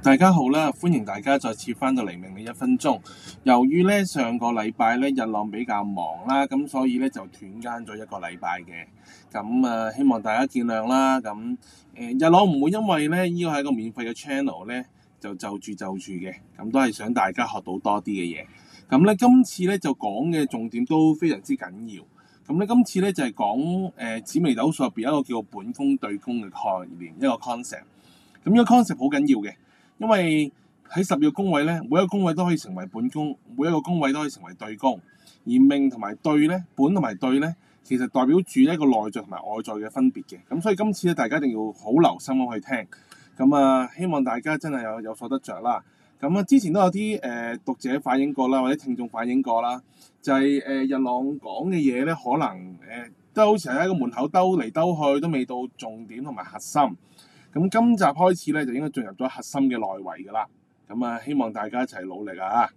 大家好啦，歡迎大家再次翻到《命理嘅一分鐘》。由於咧上個禮拜咧日朗比較忙啦，咁、啊、所以咧就斷更咗一個禮拜嘅。咁啊，希望大家見諒啦。咁、啊、誒日朗唔會因為咧呢、這個係一個免費嘅 channel 咧，就就住就住嘅。咁、啊、都係想大家學到多啲嘅嘢。咁、啊、咧今次咧就講嘅重點都非常之緊要。咁、啊、咧今次咧就係講誒紫微斗數入邊一個叫本宮對宮嘅概念，一個 concept。咁、啊、呢、這個 concept 好緊要嘅。因為喺十二個宮位咧，每一個宮位都可以成為本宮，每一個宮位都可以成為對宮。而命同埋對咧，本同埋對咧，其實代表住一個內在同埋外在嘅分別嘅。咁所以今次咧，大家一定要好留心咁去聽。咁啊，希望大家真係有有所得着啦。咁啊，之前都有啲誒、呃、讀者反映過啦，或者聽眾反映過啦，就係、是、誒、呃、日朗講嘅嘢咧，可能誒、呃、都好似喺一個門口兜嚟兜去，都未到重點同埋核心。咁今集開始咧，就應該進入咗核心嘅內圍噶啦。咁啊，希望大家一齊努力啊！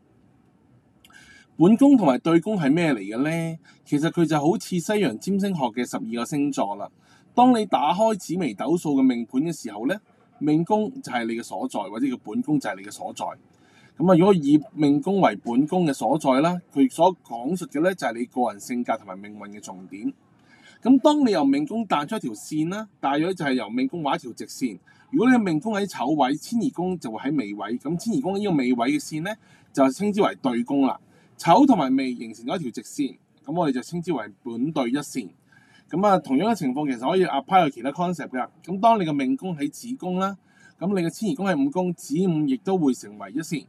本宮同埋對宮係咩嚟嘅咧？其實佢就好似西洋占星學嘅十二個星座啦。當你打開紫微斗數嘅命盤嘅時候咧，命宮就係你嘅所在，或者叫本宮就係你嘅所在。咁啊，如果以命宮為本宮嘅所在啦，佢所講述嘅咧就係你個人性格同埋命運嘅重點。咁當你由命宮彈出一條線啦，大約就係由命宮畫一條直線。如果你嘅命宮喺丑位，遷移宮就會喺未位。咁遷移宮呢個未位嘅線咧，就稱之為對宮啦。丑同埋未形成咗一條直線，咁我哋就稱之為本對一線。咁啊，同樣嘅情況其實可以 apply 去其他 concept 㗎。咁當你嘅命宮喺子宮啦，咁你嘅遷移宮喺午宮，子午亦都會成為一線。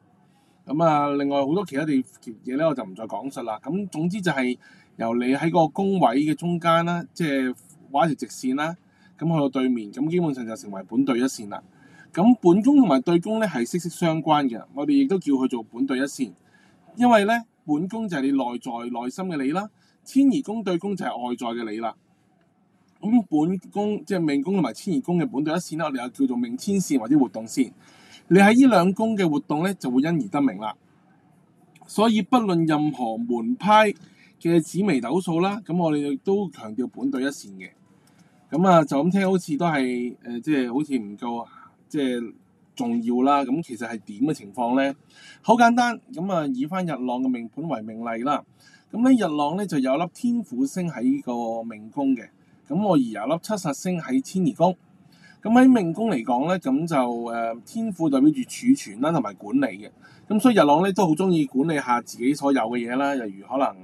咁啊，另外好多其他地嘅嘢咧，我就唔再講述啦。咁總之就係、是。由你喺個宮位嘅中間啦，即係畫一條直線啦，咁去到對面咁，基本上就成為本對一線啦。咁本宮同埋對宮咧係息息相關嘅，我哋亦都叫佢做本對一線，因為咧本宮就係你內在內心嘅你啦，遷移宮對宮就係外在嘅你啦。咁本宮即係、就是、命宮同埋遷移宮嘅本對一線啦，我哋又叫做命遷線或者活動線。你喺呢兩宮嘅活動咧，就會因而得名啦。所以，不論任何門派嘅紫微斗數啦，咁我哋亦都強調本對一線嘅咁啊，就咁聽好似都係誒、呃，即係好似唔夠即係重要啦。咁其實係點嘅情況咧？好簡單，咁啊，以翻日朗嘅命盤為命例啦。咁咧，日朗咧就有粒天府星喺個命宮嘅，咁我而有粒七煞星喺、呃、遷移宮。咁喺命宮嚟講咧，咁就誒天府代表住儲存啦，同埋管理嘅。咁所以日朗咧都好中意管理下自己所有嘅嘢啦，例如可能。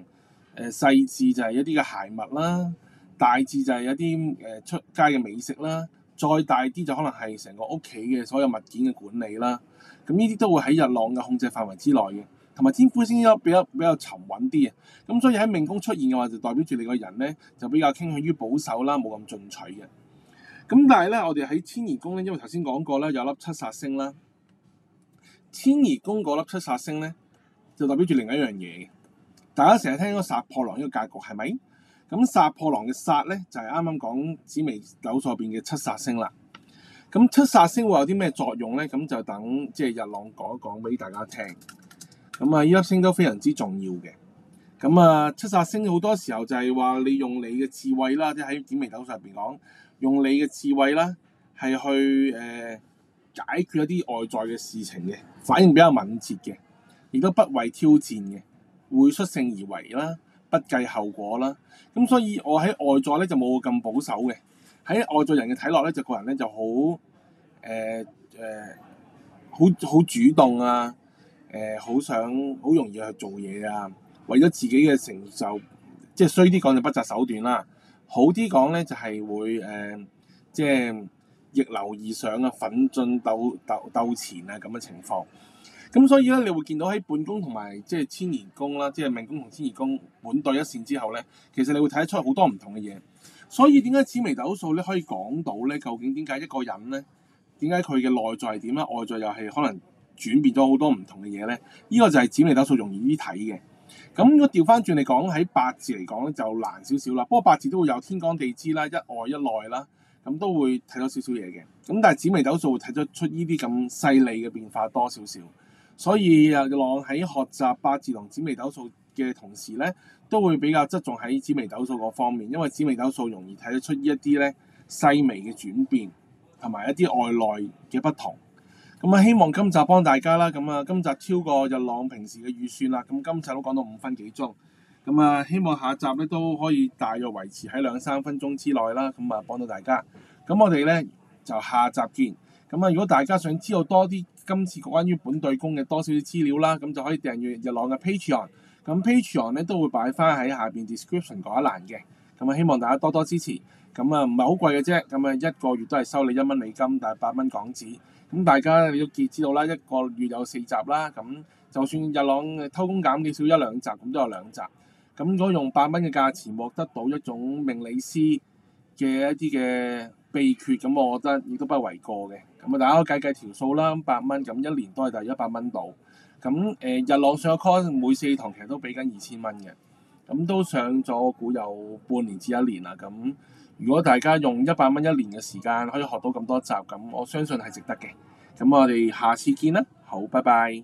誒細緻就係一啲嘅鞋物啦，大緻就係一啲誒、呃、出街嘅美食啦，再大啲就可能係成個屋企嘅所有物件嘅管理啦。咁呢啲都會喺日朗嘅控制範圍之內嘅，同埋天府星比較比較沉穩啲嘅。咁所以喺命宮出現嘅話，就代表住你個人咧就比較傾向於保守啦，冇咁進取嘅。咁但係咧，我哋喺遷移宮咧，因為頭先講過啦，有粒七殺星啦，遷移宮嗰粒七殺星咧就代表住另一樣嘢嘅。大家成日聽嗰個殺破狼呢個格局係咪？咁殺破狼嘅殺咧就係啱啱講紫微斗數上邊嘅七殺星啦。咁七殺星會有啲咩作用咧？咁就等即係日朗講一講俾大家聽。咁啊，呢粒星都非常之重要嘅。咁啊，七殺星好多時候就係話你用你嘅智慧啦，即係喺紫微斗數上邊講，用你嘅智慧啦，係去誒解決一啲外在嘅事情嘅，反應比較敏捷嘅，亦都不畏挑戰嘅。會率性而為啦，不計後果啦，咁所以我喺外在咧就冇咁保守嘅，喺外在人嘅睇落咧就個人咧就好誒誒，好、呃、好、呃、主動啊，誒、呃、好想好容易去做嘢啊，為咗自己嘅成就，即係衰啲講就不擇手段啦，啊，好啲講咧就係、是、會誒、呃、即係逆流而上啊，奮進鬥鬥鬥錢啊咁嘅情況。咁所以咧，你會見到喺本宮同埋即係千年宮啦，即係命宮同千年宮本對一線之後咧，其實你會睇得出好多唔同嘅嘢。所以點解紫微斗數咧可以講到咧？究竟點解一個人咧，點解佢嘅內在係點啦？外在又係可能轉變咗好多唔同嘅嘢咧？呢個就係紫微斗數容易啲睇嘅。咁如果調翻轉嚟講，喺八字嚟講咧就難少少啦。不過八字都會有天干地支啦，一外一內啦，咁都會睇到少少嘢嘅。咁但係紫微斗數會睇得出呢啲咁細膩嘅變化多少少。所以日朗喺學習八字同紫微斗數嘅同時咧，都會比較側重喺紫微斗數嗰方面，因為紫微斗數容易睇得出一啲咧細微嘅轉變，同埋一啲外來嘅不同。咁啊，希望今集幫大家啦。咁啊，今集超過日朗平時嘅預算啦。咁今集都講到五分幾鐘。咁啊，希望下集咧都可以大約維持喺兩三分鐘之內啦。咁啊，幫到大家。咁我哋咧就下集見。咁啊！如果大家想知道多啲今次關於本對宮嘅多少啲資料啦，咁就可以訂閱日朗嘅 Patreon。咁 Patreon 咧都會擺翻喺下邊 description 嗰一欄嘅。咁啊，希望大家多多支持。咁啊，唔係好貴嘅啫。咁啊，一個月都係收你一蚊美金，但係八蚊港紙。咁大家你都記知道啦，一個月有四集啦。咁就算日朗偷工減料少一兩集，咁都有兩集。咁如果用八蚊嘅價錢獲得到一種命理師嘅一啲嘅秘訣咁，我覺得亦都不為過嘅。咁啊，大家計計條數啦，百蚊咁一年都多就一百蚊度。咁誒，日浪日朗上嘅 course 每四堂其實都俾緊二千蚊嘅。咁都上咗估有半年至一年啦。咁如果大家用一百蚊一年嘅時間可以學到咁多集，咁我相信係值得嘅。咁我哋下次見啦。好，拜拜。